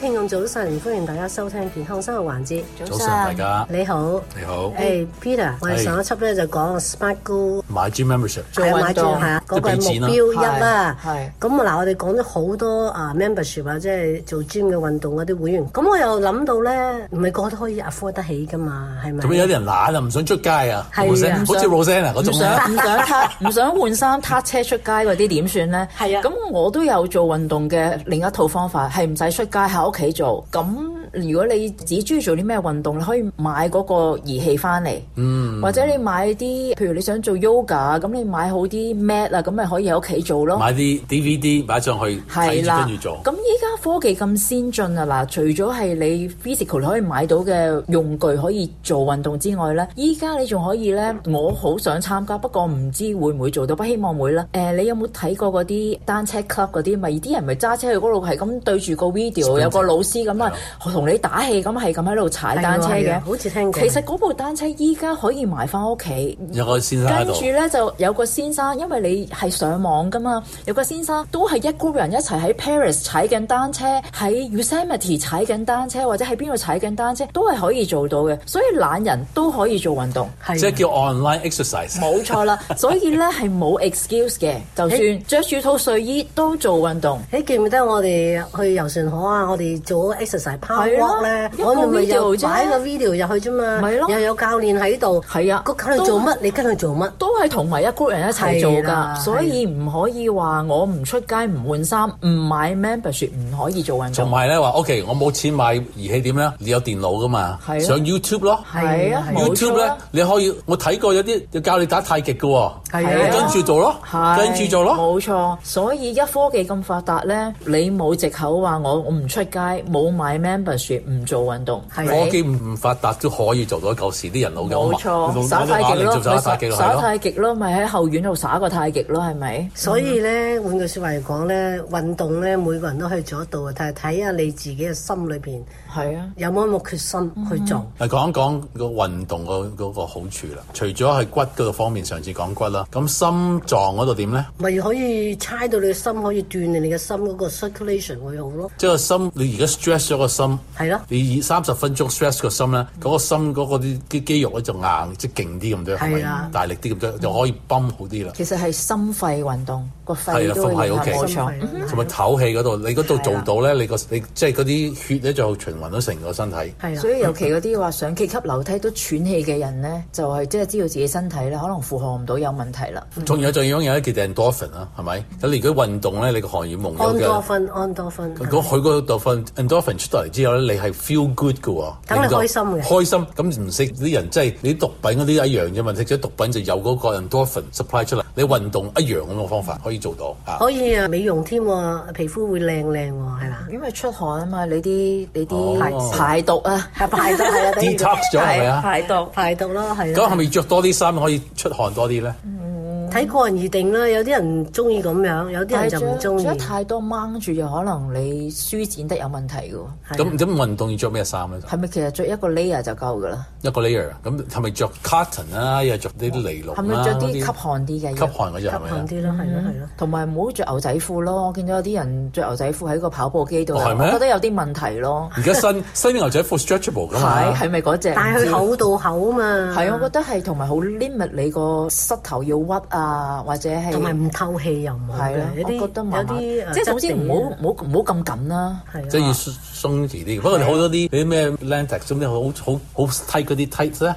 聽眾早晨，歡迎大家收聽健康生活環節。早晨，大家你好，你好，誒、hey,，Peter，hey. 我哋上一輯咧就講 Spa Go 買 gym Membership，有冇動作？嗰、那個目標一啦、啊，咁啊嗱，啊啊我哋講咗好多啊 membership 啊，即係做 gym 嘅運動嗰啲會員，咁我又諗到咧，唔係覺得都可以 afford 得起噶嘛，係咪？咁有啲人懶啊，唔想出街啊，唔、啊啊、想好似 Rosanna 啊嗰種想唔想唔想換衫踏車出街嗰啲點算咧？係啊，咁我都有做運動嘅另一套方法，係唔使出街喺屋企做咁。如果你只中意做啲咩運動，你可以買嗰個儀器翻嚟、嗯，或者你買啲，譬如你想做 yoga，咁你買好啲 mat 啦，咁咪可以喺屋企做咯。買啲 DVD 買上去睇住跟住做。咁依家科技咁先進啊，嗱，除咗係你 physical 可以買到嘅用具可以做運動之外咧，依家你仲可以咧，我好想參加，不過唔知會唔會做到，不希望會啦、呃。你有冇睇過嗰啲單車 club 嗰啲咪？啲人咪揸車去嗰度，係咁對住個 video、嗯、有個老師咁啊，同、嗯。你打氣咁係咁喺度踩單車嘅，好似聽過。其實嗰部單車依家可以埋翻屋企。有個先生跟住咧就有個先生，因為你係上網噶嘛，有個先生都係一個人一齊喺 Paris 踩緊單車，喺 Yosemite 踩緊單車，或者喺邊度踩緊單車都係可以做到嘅。所以懶人都可以做運動，即係叫 online exercise，冇錯啦。所以咧係冇 excuse 嘅，就算着住套睡衣都做運動。誒、欸欸、記唔記得我哋去遊船河啊？我哋做 exercise 跑。係咯、啊啊啊，我哋咪就擺個 video 入去啫嘛、啊，又有教練喺度，係啊，個教練做乜、啊、你跟佢做乜。都係同埋一 group 人一齊做噶，所以唔可以話我唔出街，唔換衫，唔買 membership 唔可以做運動。同埋咧話，O K，我冇錢買儀器點咧？你有電腦噶嘛？係上 YouTube 咯，YouTube 咧你可以我睇過有啲教你打太極噶，跟住做咯，跟住做。冇錯，所以而家科技咁發達咧，你冇藉口話我我唔出街，冇買 membership 唔做運動。科技唔發達都可以做到，舊時啲人老咁，冇錯，打太極咯，打太極，打太極。咯，咪喺後院度耍個太極咯，係咪？所以咧，換句話說話嚟講咧，運動咧，每個人都可以做得到嘅，但係睇下你自己嘅心裏邊係啊，有冇一個決心去做？嚟、嗯、講、嗯、一講個運動個嗰個好處啦。除咗係骨嗰個方面，上次講骨啦，咁心臟嗰度點咧？咪可以猜到你心可以鍛煉你嘅心嗰、嗰個 circulation 會好咯。即係個心，你而家 stress 咗個心，係咯、啊，你以三十分鐘 stress 個心咧，嗰、嗰個心嗰、嗰個啲啲肌肉咧就硬，即係勁啲咁多，係咪？大力啲咁多。是啊就可以泵好啲啦。其實係心肺運動，個肺都會透氣，同埋唞氣嗰度，你嗰度做到咧，你個你即係嗰啲血咧就循環到成個身體。所以尤其嗰啲話上幾級樓梯都喘氣嘅人咧，就係即係知道自己身體咧可能負荷唔到，有問題啦。仲有，仲有一個叫 endorphin 啦，係、嗯、咪？等你如果運動咧，你個汗腺濛。endorphin endorphin 佢個 endorphin endorphin 出到嚟之後咧，你係 feel good 嘅喎。等你開心嘅。開心咁唔識啲人即係、即係、你毒品嗰啲一樣啫嘛，食咗毒品就有嗰、嗰個。人多一份 supply 出嚟，你運動一樣咁嘅方法、嗯、可以做到吓，可以啊，美容添，皮膚會靚靚喎，係嘛？因為出汗啊嘛，你啲、哦、你啲排毒啊，排毒係啊，detox 咗係咪啊？排毒 排毒咯，係。 咁係咪着多啲衫可以出汗多啲咧？嗯睇個人而定啦，有啲人中意咁樣，有啲人就唔中意。如果太多掹住，又可能你舒展得有問題嘅喎。咁咁運動要着咩衫咧？係咪其實着一個 layer 就夠嘅啦？一個 layer，咁係咪着 cotton 啊？又着呢啲尼龍啦？係咪着啲吸汗啲嘅？吸汗嗰隻係咪？吸汗啲咯，係咯係咯。同埋唔好着牛仔褲咯，我見到有啲人着牛仔褲喺個跑步機度，哦，我覺得有啲問題咯。而 家新新牛仔褲 stretchable 㗎嘛？係咪嗰隻？但係佢厚到厚啊嘛。係，我覺得係同埋好 limit 你個膝頭要屈啊。啊，或者係同埋唔透氣又唔好，你覺得慢慢有啲即係首先唔好唔好唔好咁緊啦、啊，即係、啊就是、要鬆啲。不過好多啲啲咩 lentex，總之好好好 tight 嗰啲 tight 咧，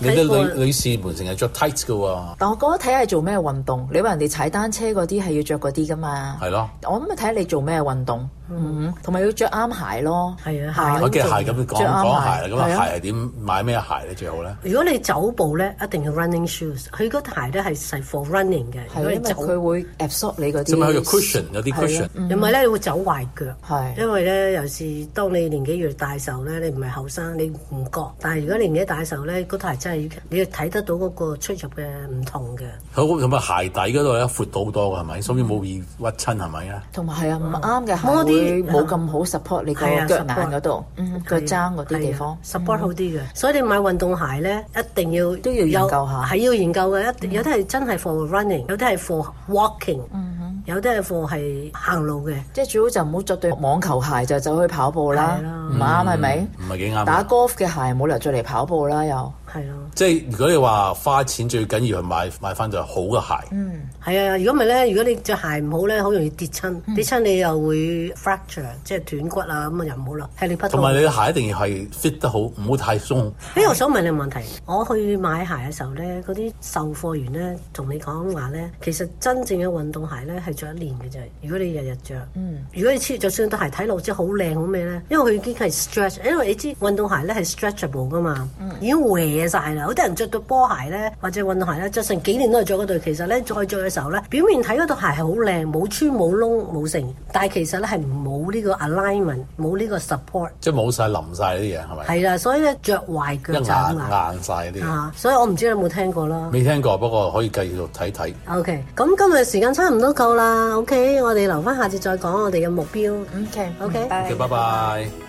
你啲女女士們成日着 tights 喎、啊。但我覺得睇下做咩運動，你話人哋踩單車嗰啲係要着嗰啲噶嘛？係咯，我咁咪睇下你做咩運動。同、嗯、埋、嗯、要着啱鞋咯，係啊鞋，鞋。我嘅鞋咁講講鞋咁啊鞋，係點買咩鞋咧最好咧？如果你走步咧，一定要 running shoes running。佢嗰鞋咧係 for running 嘅，因為佢會 absorb 你啲。有、就是、cushion 有啲 cushion？、啊嗯、因為你會走壞腳？啊、因為咧尤其是當你年紀越大時候咧，你唔係後生，你唔覺。但係如果年紀大時候咧，嗰鞋真係你睇得到嗰個出入嘅唔同嘅。好同鞋底嗰度咧闊到好多嘅係咪？所以冇易屈親係咪啊？同埋係啊唔啱嘅鞋。冇咁好 support 你個腳眼嗰度，腳踭嗰啲地方、嗯、support 好啲嘅。所以你買運動鞋咧，一定要都要研，要研究下。係要研究嘅，一有啲係真係 for running，有啲係 for walking，、嗯、有啲係 for 係行路嘅。即係最好就唔好着對網球鞋就走去跑步啦，唔啱係咪？唔係幾啱。打 golf 嘅鞋冇理由着嚟跑步啦又。係咯、啊，即係如果你話花錢最緊要係買買翻對好嘅鞋，嗯，係啊，如果唔係咧，如果你對鞋唔好咧，好容易跌親、嗯，跌親你又會 fracture，即係斷骨啊，咁啊又唔好啦，係你不同。同埋你嘅鞋一定要係 fit 得好，唔好太鬆。誒，我想問你個問題，我去買鞋嘅時候咧，嗰啲售貨員咧同你講話咧，其實真正嘅運動鞋咧係着一年嘅啫，如果你日日着，嗯，如果你就算對鞋睇落好似好靚好咩咧，因為佢已經係 stretch，因為你知運動鞋咧係 stretchable 㗎嘛、嗯，已經 w 嘅曬啦，好多人著對波鞋咧，或者運動鞋咧，著成幾年都係著嗰對。其實咧，再著嘅時候咧，表面睇嗰對鞋係好靚，冇穿冇窿冇成，但係其實咧係冇呢個 alignment，冇呢個 support，即係冇曬淋曬呢啲嘢係咪？係啦，所以咧著壞腳就硬硬曬啲。啊，所以我唔知你有冇聽過咯？未聽過，不過可以繼續睇睇。OK，咁今日時間差唔多夠啦。OK，我哋留翻下次再講我哋嘅目標。OK，OK，拜拜。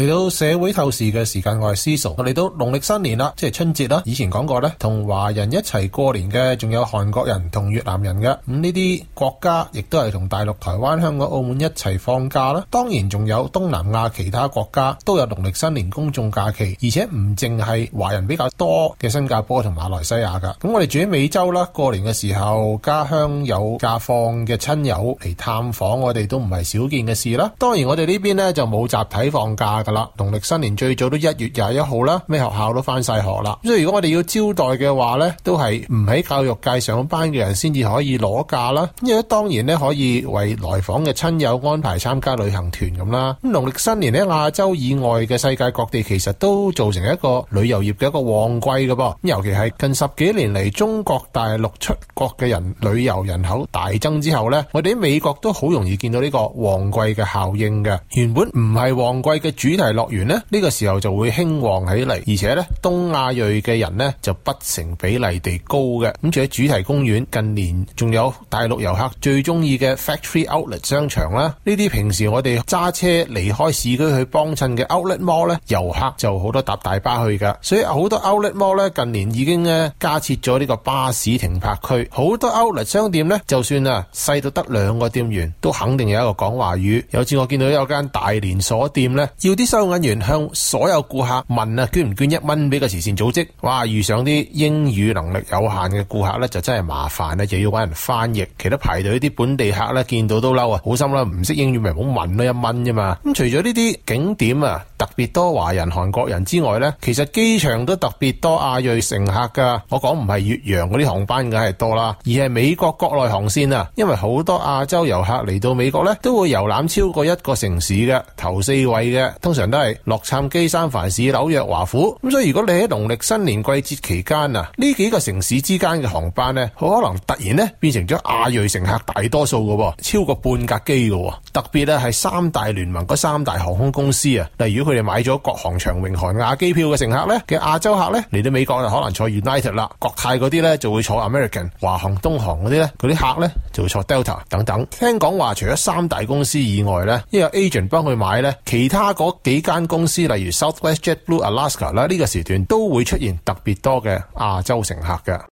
嚟到社會透視嘅時間，我係思瑤。我嚟到農曆新年啦，即係春節啦。以前講過咧，同華人一齊過年嘅，仲有韓國人同越南人嘅。咁呢啲國家亦都係同大陸、台灣、香港、澳門一齊放假啦。當然仲有東南亞其他國家都有農曆新年公眾假期，而且唔淨係華人比較多嘅新加坡同馬來西亞噶。咁我哋住喺美洲啦，過年嘅時候，家鄉有假放嘅親友嚟探訪，我哋都唔係少見嘅事啦。當然我哋呢邊咧就冇集體放假。啦，農曆新年最早都一月廿一號啦，咩學校都翻晒學啦。所以如果我哋要招待嘅話咧，都係唔喺教育界上班嘅人先至可以攞假啦。因為當然咧，可以為來訪嘅親友安排參加旅行團咁啦。咁農曆新年咧，亞洲以外嘅世界各地其實都造成一個旅遊業嘅一個旺季噶噃。尤其係近十幾年嚟，中國大陸出國嘅人旅遊人口大增之後咧，我哋喺美國都好容易見到呢個旺季嘅效應嘅。原本唔係旺季嘅主。係樂園咧，呢、這個時候就會興旺起嚟，而且呢，東亞裔嘅人呢就不成比例地高嘅。咁除咗主題公園，近年仲有大陸遊客最中意嘅 Factory Outlet 商場啦。呢啲平時我哋揸車離開市區去幫襯嘅 Outlet Mall 呢，遊客就好多搭大巴去噶，所以好多 Outlet Mall 呢，近年已經咧、啊、加設咗呢個巴士停泊區。好多 Outlet 商店呢，就算啊細到得兩個店員，都肯定有一個講華語。有次我見到有間大連鎖店呢，要啲。收銀員向所有顧客問啊，捐唔捐一蚊俾個慈善組織？哇！遇上啲英語能力有限嘅顧客咧，就真係麻煩喇，又要揾人翻譯。其他排隊啲本地客咧，見到都嬲啊，好心啦，唔識英語咪唔好問咯，一蚊啫嘛。咁除咗呢啲景點啊，特別多華人、韓國人之外呢，其實機場都特別多亞裔乘客噶。我講唔係越洋嗰啲航班梗係多啦，而係美國國內航線啊，因為好多亞洲遊客嚟到美國呢，都會遊覽超過一個城市嘅頭四位嘅，通常。都係洛杉磯、三藩市、紐約、華府，咁所以如果你喺農曆新年季節期間啊，呢幾個城市之間嘅航班咧，好可能突然咧變成咗亞裔乘客大多數嘅，超過半格機嘅，特別咧係三大聯盟嗰三大航空公司啊，例如佢哋買咗國航、長榮、韓亞機票嘅乘客咧，嘅亞洲客咧嚟到美國就可能坐 United 啦，國泰嗰啲咧就會坐 American、華航、東航嗰啲咧，嗰啲客咧。做錯 Delta 等等，聽講話除咗三大公司以外呢，因為 Agent 幫佢買呢，其他嗰幾間公司，例如 Southwest、JetBlue、Alaska 啦，呢個時段都會出現特別多嘅亞洲乘客嘅。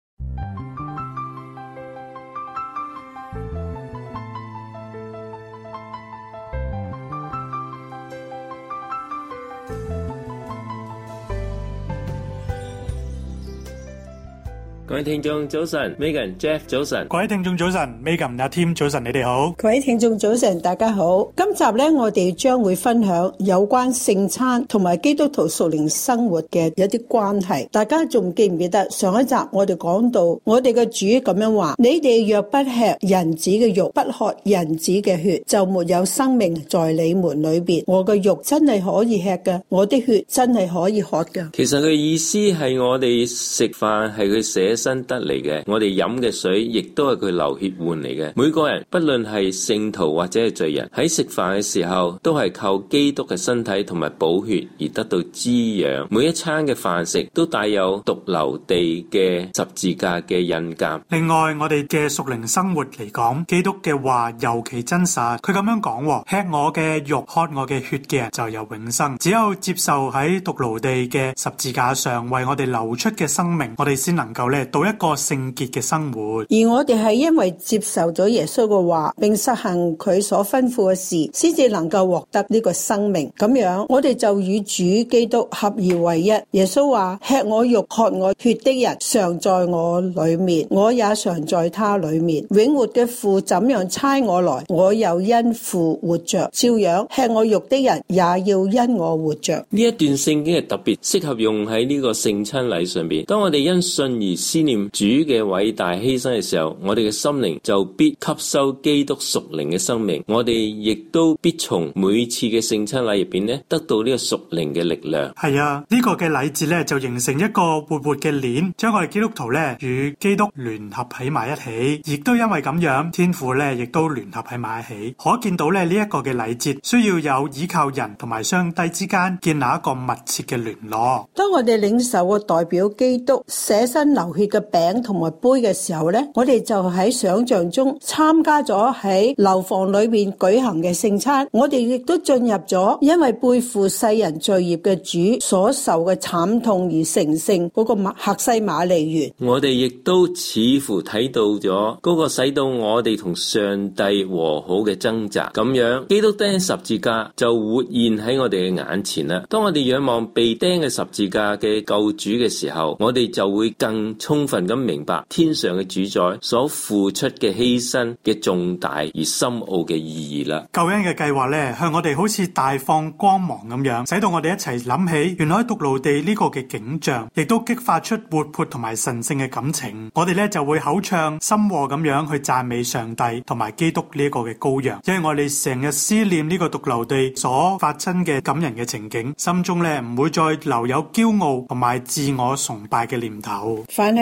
各位聽眾早晨，Megan、Jeff 早晨，各位聽眾早晨，Megan 阿添早晨，你哋好，各位聽眾早晨，大家好。今集呢，我哋將會分享有關聖餐同埋基督徒屬靈生活嘅一啲關係。大家仲記唔記得上一集我哋講到，我哋嘅主咁樣話：你哋若不吃人子嘅肉，不喝人子嘅血，就沒有生命在你們裏邊。我嘅肉真係可以吃㗎，我啲血真係可以喝㗎。其實佢意思係我哋食飯係佢寫，得嚟嘅，我哋飲嘅水亦都係佢流血換嚟嘅。每個人不論係聖徒或者係罪人，喺食飯嘅時候都係靠基督嘅身體同埋補血而得到滋養。每一餐嘅飯食都帶有髑髏地嘅十字架嘅印鑑。另外，我哋嘅屬靈生活嚟講，基督嘅話尤其真實。佢咁樣講：「吃我嘅肉，喝我嘅血嘅人就有永生。只有接受喺髑髏地嘅十字架上為我哋流出嘅生命，我哋先能夠咧。到一個聖潔嘅生活，而我哋係因為接受咗耶穌嘅話，並實行佢所吩咐嘅事，先至能夠獲得呢個生命。咁樣，我哋就與主基督合而為一。耶穌話：吃我肉、喝我血的人，常在我裏面，我也常在他裏面。永活嘅父怎樣差我來，我又因父活着，照樣吃我肉的人，也要因我活着。呢一段聖經係特別適合用喺呢個聖餐禮上邊。當我哋因信而先念主嘅偉大犧牲嘅時候，我哋嘅心靈就必吸收基督屬靈嘅生命，我哋亦都必從每次嘅聖餐禮入邊咧得到呢個屬靈嘅力量。係啊，呢、這個嘅禮節呢，就形成一個活活嘅鏈，將我哋基督徒呢與基督聯合喺埋一起，亦都因為咁樣，天父呢亦都聯合喺埋一起。可見到咧呢一、這個嘅禮節，需要有依靠人同埋上帝之間建立一個密切嘅聯絡。當我哋領受個代表基督捨身流血。嘅餅同埋杯嘅時候呢，我哋就喺想象中參加咗喺樓房裏面舉行嘅聖餐。我哋亦都進入咗，因為背負世人罪孽嘅主所受嘅慘痛而成聖嗰個客西馬尼園。我哋亦都似乎睇到咗嗰個使到我哋同上帝和好嘅掙扎咁樣。基督釘十字架就活現喺我哋嘅眼前啦。當我哋仰望被釘嘅十字架嘅救主嘅時候，我哋就會更充充分咁明白天上嘅主宰所付出嘅犧牲嘅重大而深奧嘅意義啦。救恩嘅計劃咧，向我哋好似大放光芒咁樣，使到我哋一齊諗起原來喺獨流地呢個嘅景象，亦都激發出活潑同埋神聖嘅感情。我哋咧就會口唱心和咁樣去讚美上帝同埋基督呢一個嘅羔羊，因為我哋成日思念呢個獨流地所發生嘅感人嘅情景，心中咧唔會再留有驕傲同埋自我崇拜嘅念頭。反呢？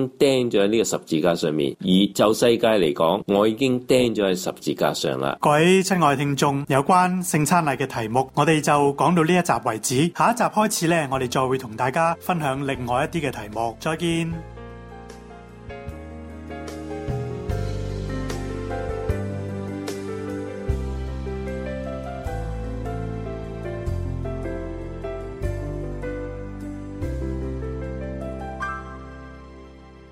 釘咗喺呢個十字架上面，而就世界嚟講，我已經釘咗喺十字架上啦。各位親愛聽眾，有關聖餐禮嘅題目，我哋就講到呢一集為止。下一集開始呢，我哋再會同大家分享另外一啲嘅題目。再見。